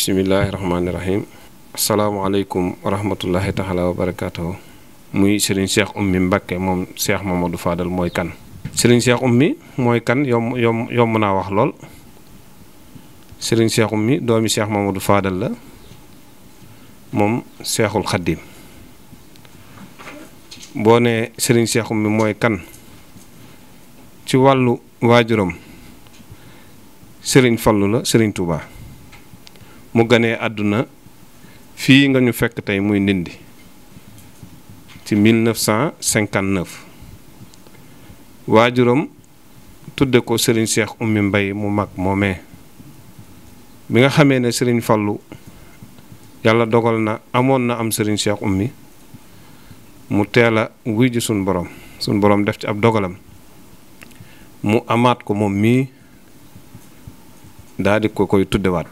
bisimilahi rahmaani rahim asalaamaaleykum wa rahmatullahi wa barakaatuhu muy sëriñ Cheikh Oumy Mbacké moom Cheikh Mamadou Fadal mooy kan sëriñ Cheikh Oumy mooy kan yomb yomb naa wax lool sëriñ Cheikh Oumy doomi Cheikh Mamadou Fadal la moom Cheikhul Khadim boo nee sëriñ Cheikh Oumy mooy kan ci wàllu waajuram sëriñ Fallu la sëriñ Touba. mu gane àdduna fii nga ñu fekk tey muy ndindi ci waa waajuram tudde ko Serigne Cheikh Oumy mbay mu mag moomee bi nga xamee ne Serigne Fallou yàlla dogal na amoon na am Serigne Cheikh Oumy mu teel a wuy ji suñ borom suñ borom def ci ab dogalam mu amaat ko moom mii daa ko koy tuddewaat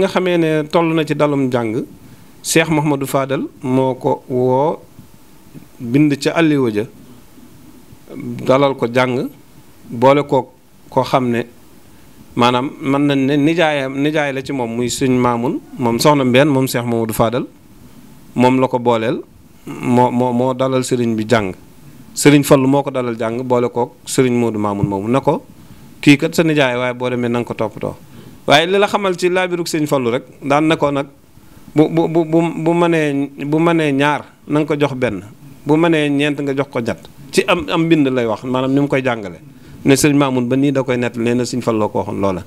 nga xamee ne toll na ci dalum jàng Cheikh Mouhamadou Fadal moo ko woo bind ca àlliwa ja dalal ko jàng boole koo koo xam ne maanaam mën na ne nijaayam nijaay la ci moom muy suñ maamun moom soxna mbenn moom Cheikh Mouhamadou faadal moom la ko booleel moo moo moo dalal sëriñ bi jàng sëriñ Fallu moo ko dalal jàng boole kook sëriñ Modou Mamoun moomu ne ko kii kat sa nijaay waaye boo demee na nga ko toppatoo waaye li la xamal ci laabirug sëñ Fallu rek daan na ko nag bu bu bu bu mënee bu mënee ñaar na nga ko jox benn bu mënee ñeent nga jox ko ñett ci am am mbind lay wax maanaam ni mu koy jàngale ne sëñ Maamun ba nii da koy nett leen na sëñ Fallu ko waxoon loola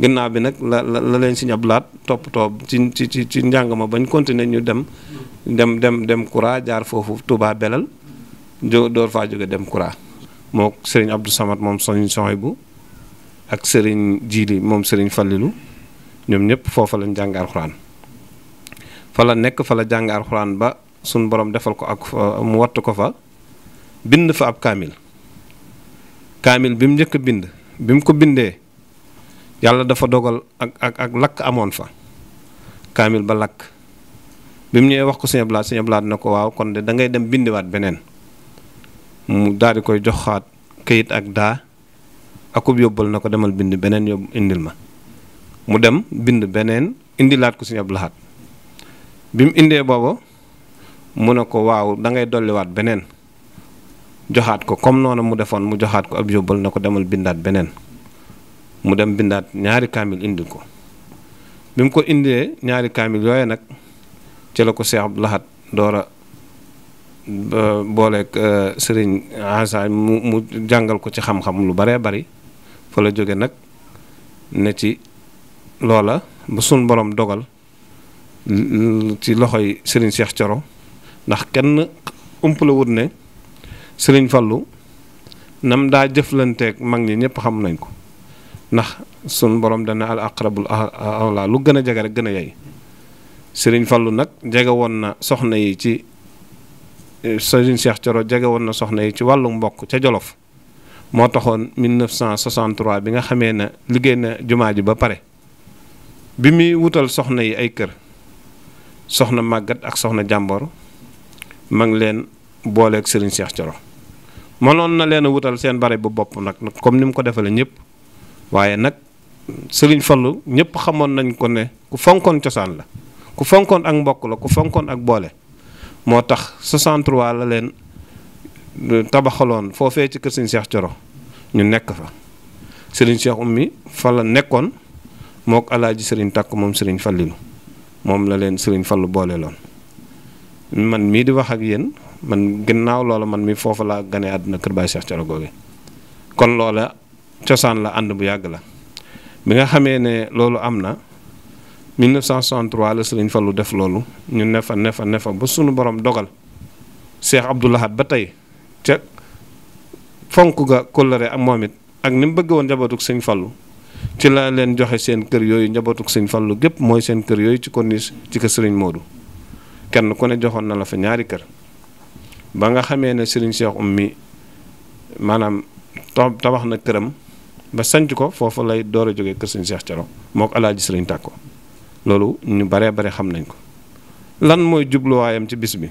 ginnaaw bi nag la la leen sëñ Abdu Laat toppatoo ci ci ci ci njàng ma bañ continuer ñu dem dem dem dem kuraa jaar foofu Touba Belal jo door faa jóge dem Kura moo sëriñ Abdou Samad moom soñ soy bu ak sëriñ Jiili moom sëriñ Fallilu ñoom ñëpp foofa lañ jàng alxuraan fa la nekk fa la jàng alxuraan ba suñ borom defal ko ak mu wattu ko fa bind fa ab kaamil kaamil bi mu njëkk a bind bi mu ko bindee yàlla dafa dogal ak ak ak amoon fa kaamil ba lakk bi mu ñëwee wax ko Sëñ Ablaat na ko waaw kon de dangay dem bindiwaat beneen mu daal koy joxaat kayit ak daa akub yóbbal na ko demal bind beneen yóbbu indil ma mu dem bind beneen indilaat ko Sëriñ Abdou Lahad bi mu indee booba mu ne ko waaw dangay ngay dolliwaat beneen joxaat ko comme noonu mu defoon mu joxaat ko ab yóbbal na ko demal bindaat beneen mu dem bindaat ñaari kaamil indil ko bi mu ko indee ñaari kaamil yooye nag ci ko Sëriñ Abdou Lahad doora booleeg euh, sëriñ Asa mu mu jàngal ko ci xam-xam lu bare bari fa la jóge nag ne ci loola ba sun borom dogal ci loxoy Serigne Cheikh coro ndax kenn ump la wut ne Serigne Fallou nam daa jëflanteeg mag ñi ñëpp xam nañ ko ndax sun borom dana al aqrabul awla lu gën a jege rek gën a yey sëriñ Fallou nag jege woon na soxna yi ci eh, Serigne Cheikh Thioro jege woon na soxna yi ci wàllu mbokk ca Jolof moo taxoon 1963 bi nga xamee ne liggéey na jumaa ji ba pare bi muy wutal soxna yi ay kër soxna màggat ak soxna jàmbor ma ngi leen booleeg Serigne Cheikh Thioro mënoon na leen a wutal seen bare bu bopp nag comme ni mu ko defalee ñëpp waaye nag sëriñ Fallou ñëpp xamoon nañ ko ne ku fonkoon cosaan la ku fonkoon ak mbokk la ku fonkoon ak boole moo tax 63 la leen. tabaxaloon foofee ci kër sëñ Cheikh Coro ñu nekk fa sëriñ Cheikh Oumy fa la nekkoon mook alaaji sëriñ tàkk moom sëriñ Fallilu moom la leen sëriñ Fallu boole loon man mii di wax ak yéen man ginnaaw loola man mi foofu la gane àdduna kër Baay Cheikh Coro googe kon loola cosaan la ànd bu yàgg la bi nga xamee ne loolu am na 1963 la sëriñ Fallu def loolu ñu ne fa ne ba sunu boroom dogal Cheikh Abdoul ba tey te fonk ga kóllëre ak moom it ak ni mu bëgg woon njabootug sëñ Fallu ci la leen joxe seen kër yooyu njabootug sëñ Fallu gépp mooy seen kër yooyu ci corniche ci kër sëriñ Modou kenn ku ne joxoon na la fa ñaari kër ba nga xamee ne sëriñ Cheikh Oumy maanaam tabax na këram ba sanc ko foofu lay door a jógee kër sëñ Cheikh Thioro moo ko alaaji sëriñ Tàkko loolu ñu baree bare xam nañ ko lan mooy jubluwaayam ci bis bi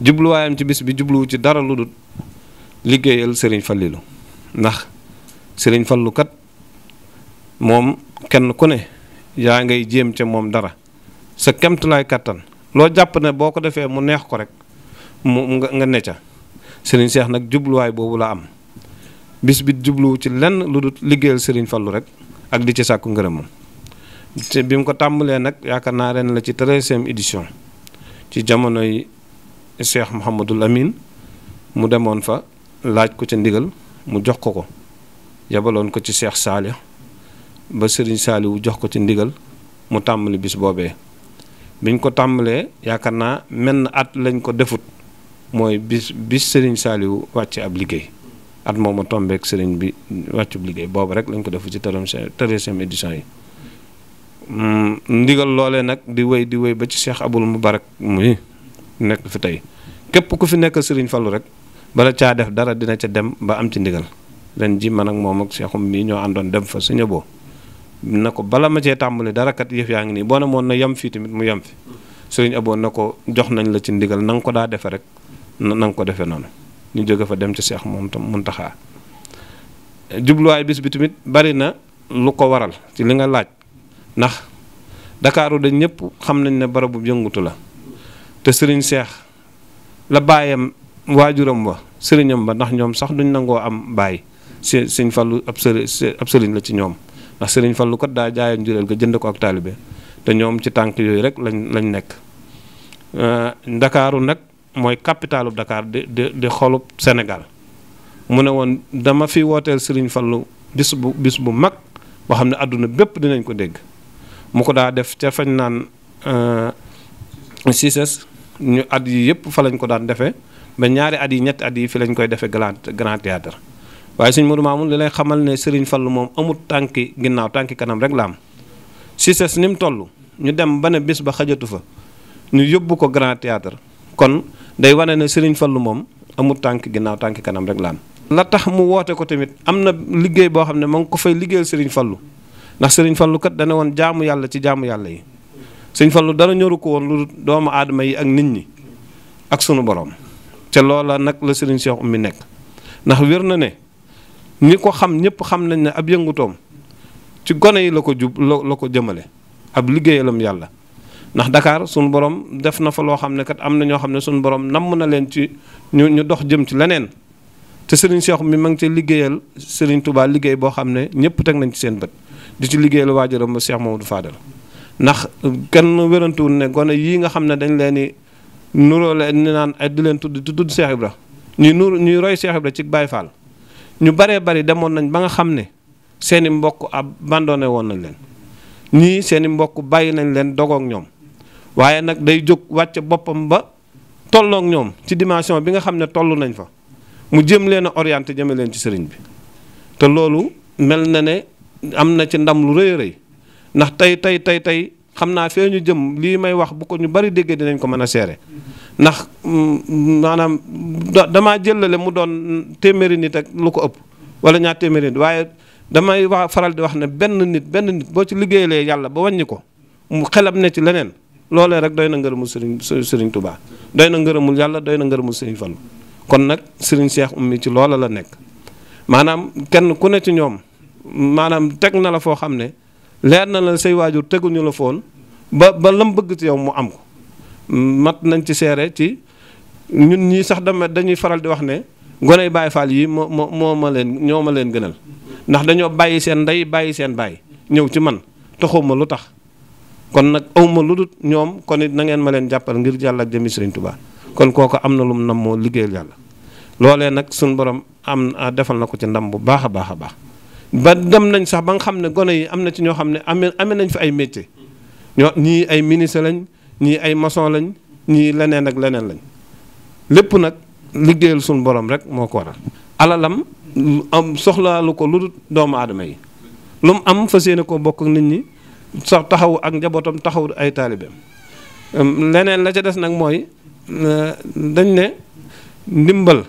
jubluwaayam ci bis bi jubluwu ci dara lu dul liggéeyal sëriñ Fallilu ndax sëriñ Fallu moom kenn ku ne yaa ngay jéem ca moom dara sa kemtulaay kàttan loo jàpp ne boo ko defee mu neex ko rek mu nga ne ca sëriñ Seex nag jubluwaay boobu la am bis bi jubluwu ci lenn lu dul liggéeyal sëriñ Fallu rek ak di ci sàkku ngërëmam te bi mu ko tàmbalee nag yaakaar naa ren la ci treizième édition ci jamono Cheikh Mouhamadul Amin mu demoon fa laaj ko ca ndigal mu jox ko ko yebaloon ko ci Cheikh saali ba sëriñ saali wu jox ko ci ndigal mu tàmbali bis boobee biñ ko tàmbalee yaakaar naa menn at lañ ko defut mooy bis bis saali wu wàcce ab liggéey at moom a tombeek Serigne bi wàccu liggéey boobu rek lañ ko defu ci treizième édition yi mm, ndigal loole nag di wéy di wéy ba ci Cheikh Abul Mubarak muy nekk fi tey képp ku fi nekk Serigne Fallou rek bala caa def dara dina ca dem ba am ci ndigal ren ji man ak moom ak seexum mii ñoo àndoon dem fa suñu boo na ko bala ma cee tàmbali dara kat yëf yaa ngi nii boo ne na yem fii tamit mu yem fi Serigne Abo na ko jox nañ la ci ndigal na ko daa defee rek na nga ko defee noonu ñu jóge fa dem ci seex moom tam mun taxaa jubluwaay bis bi tamit bari na lu ko waral ci li nga laaj ndax ndakaaru dañ ñëpp xam nañ ne barabu yëngutu la. te sëriñ seex la baayam waajuram wa sëriñam ba ndax ñoom sax duñ nangoo am baay si sëñ Fallu ab sëriñ la ci ñoom ndax sëriñ Fallu kat daa jaayoon njureel ga jënd ko ak taalibe te ñoom ci tànk yooyu rek lañ lañ nekk euh, ndakaaru nag mooy capitalu Dakar di di di xolub Sénégal mu ne woon dama fi wooteel Serigne Fallou bis bu bis bu mag boo xam ne àdduna bépp dinañ ko dégg mu ko daa def ca fañ naan euh, Cices ñu at yi yëpp fa lañ ko daan defee ba ñaari at yi ñetti at yi fi lañ koy defee grand grand théâtre waaye suñ Modou Mamoun li lay xamal ne Serigne Fallou moom amut tànki ginnaaw tànki kanam rek laam si ses ni mu toll ñu dem ba ne bis ba xajatu fa ñu yóbbu ko grand théâtre kon day wane ne Serigne Fallou moom amul tànk ginnaaw tànki kanam rek la la tax mu woote ko tamit am na liggéey boo xam ne ma ngi ko fay liggéeyal Serigne Fallou ndax Serigne Fallou kat dana woon jaamu yàlla ci jaamu yàlla yi. sëñ Fallu dara ñoru ko woon lu doomu aadama yi ak nit ñi ak sunu boroom te loola nag la sëriñ Cheikh Oumy nekk ndax wér na ne ñi ko xam ñëpp xam nañ ne ab yëngutoom ci gone yi la ko jub la ko jëmale ab liggéeyalam yàlla ndax Dakar sunu borom def na fa loo xam ne kat am na ñoo xam ne sunu borom namm na leen ci ñu ñu dox jëm ci leneen te sëriñ Cheikh mi ma ngi ci liggéeyal Serigne Touba liggéey boo xam ne ñëpp teg nañ ci seen bët di ci liggéeyal waajuram ba Cheikh Mamadou Fadal ndax kenn wérantuwul ne gone yii nga xam ne dañ leen di nuroo leen ni naan ay di leen tudd di tudd Cheikh Ibra ñuy nur ñuy roy Cheikh Ibra ci Baye Fall ñu baree bari demoon nañ ba nga xam ne seeni mbokk ab abandonné woon nañ leen ñii seeni mbokk bàyyi nañ leen dogook ñoom waaye nag day jóg wàcc boppam ba tollook ñoom ci dimension bi nga xam ne toll nañ fa mu jëm leen a orienté jëme leen ci sëriñ bi te loolu mel na ne am na ci ndam lu rëy rëy ndax tey tey tey tey xam naa fee ñu jëm lii may wax bu ko ñu bari déggee dinañ ko mën a seere ndax mm, maanaam damaa jëlale mu doon téeméeri nit ak lu ko ëpp wala ñaar téeméeri nit waaye damay wax faral di wax ne benn nit benn nit boo ci liggéeyalee yàlla ba wàññi ko mu xelam ne ci leneen loolee rek doy na ngërëmul sëriñ sëriñ Touba doy na ngërëmul yàlla doy na ngërëmul sëriñ Fallu kon nag sëriñ Cheikh Oumy ci loola la nekk maanaam kenn ku ne ci ñoom maanaam teg na la foo xam ne leer na la say waajur teguñu la foon ba ba lam bëgg ci yow mu am ko mat nañ ci seere ci ñun ñii sax dama dañuy faral di wax ne goney Baay Faal yi moo moo moo ma leen ñoo ma leen gënal ndax dañoo bàyyi seen ndey bàyyi seen baay ñëw ci man taxaw ma lu tax kon nag awma lu dul ñoom kon it na ngeen ma leen jàppal ngir yàlla ak jëmi Sëriñ Tuubaa kon kooku am na lu mu nam moo liggéeyal yàlla loolee nag suñ boroom am defal na ko ci ndam bu baax a baax a baax ba dem nañ sax ba nga xam ne gone yi am na ci ñoo xam ne amee amee nañ fi ay métier ñoo ñii ay ministre lañ ñii ay mason lañ ñii leneen ak leneen lañ lépp nag liggéeyal suñu borom rek moo ko waral. alalam am soxlaalu ko lu doomu aadama yi lu mu am fa yéene koo bokk nit ñi sax taxaw ak njabootam taxaw ay taalibeem leneen la ca des nag mooy euh, dañ ne ndimbal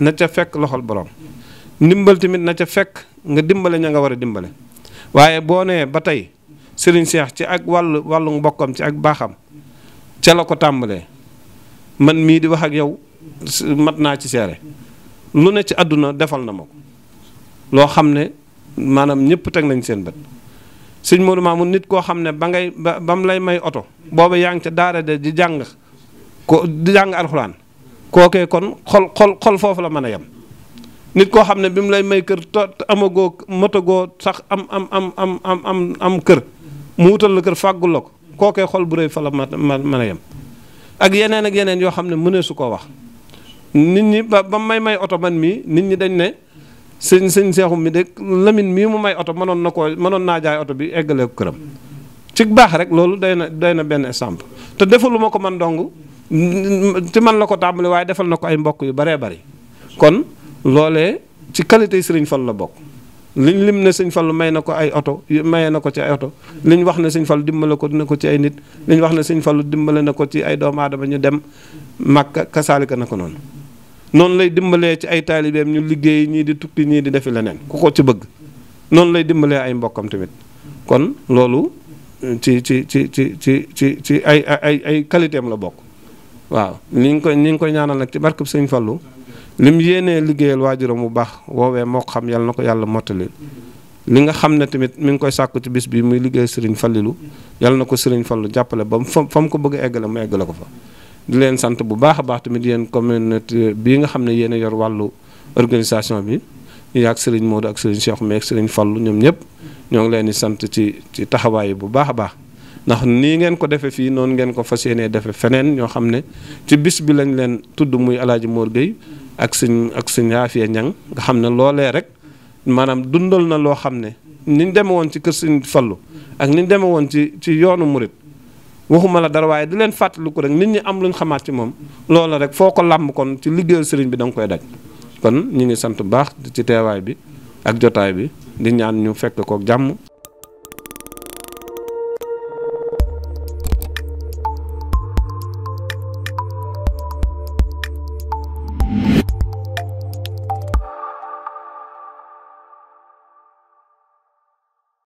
na ca fekk loxol boroom ndimbal tamit na ca fekk nga dimbale ña nga war a dimbale waaye boo nee ba tey sëriñ Cheikh ci ak wàllu wàllu mbokkam ci ak baaxam ca la ko tàmbalee man mii di wax ak yow mat naa ci seere lu ne ci àdduna defal na ma ko loo xam ne maanaam ñëpp teg nañ seen bët sëñ Modou Mamoun nit koo xam ne ba ngay ba ba mu lay may oto booba yaa ngi ca daara de di jàng ko di jàng alxuraan kookee kon xol xol xol foofu la mën a yem. nit koo xam ne bi mu lay may kër to amagoo matagoo sax am am am am am kër mu wutal la kër fàggul la ko kookee xol bu rëy fa la mën a yem ak yeneen ak yeneen yoo xam ne mënee su ko wax nit ñi ba ba may may oto man mii nit ñi dañ ne sëñ sëñ seexum mi de Lamine mii mu may oto mënoon na koo mënoon naa jaay oto bi eggalee ko këram ci baax rek loolu day na day na benn exemple te defaluma ko man dong ci man la ko tàmbali waaye defal na ko ay mbokk yu baree bari kon loole ci qualité yi sëriñ Fallu la bokk liñ lim ne sëñ Fallu may na ko ay oto maye na ko ci ay oto liñ wax ne sëñ Fallu dimbale ko dina ko ci ay nit liñ wax ne sëñ dimbale na ko ci ay doomu aadama ñu dem Màkka kasaalika na ko noonu noonu lay dimbalee ci ay taalibeem ñu liggéey ñii di tukki ñii di defi leneen ku ko ci bëgg noonu lay dimbalee ay mbokkam tamit kon loolu ci ci ci ci ci ci ci ay ay ay qualité am la bokk waaw ni ngi koy ni ngi koy ñaanal nag ci barkeb sëñ Fallu lim yéenee liggéeyal waajuram bu baax woowee moo xam yàlla na ko yàlla mottali li nga xam ne tamit mu ngi koy sàkku ci bis bi muy liggéey sëriñ Fallilu yàlla na ko sëriñ Fallu jàppale ba fa fa mu ko bëgg a eggale mu eggale ko fa di leen sant bu baax a baax tamit yéen communauté bii nga xam ne yéen a yor wàllu organisation bi yaag sëriñ Modou ak sëriñ Cheikh Mey ak sëriñ Fallu ñoom ñëpp ñoo ngi leen di sant ci ci taxawaay bu baax a baax ndax nii ngeen ko defee fii noonu ngeen ko fas yéenee defee feneen ñoo xam ne ci bis bi lañ leen tudd muy El Hadj Mor ak suñ ak suñ Yaafiya Ñang nga xam ne loolee rek maanaam dundal na loo xam ne niñ deme woon ci kër Sëñ Fallu ak ni ñu deme woon ci ci yoonu murit waxuma la dara waaye di leen fàttaliku rek nit ñi am luñ xamaat ci moom loola rek foo ko làmb kon ci liggéeyu sëriñ bi danga koy daj kon ñu ngi sant bu baax ci teewaay bi ak jotaay bi di ñaan ñu fekk ko jàmm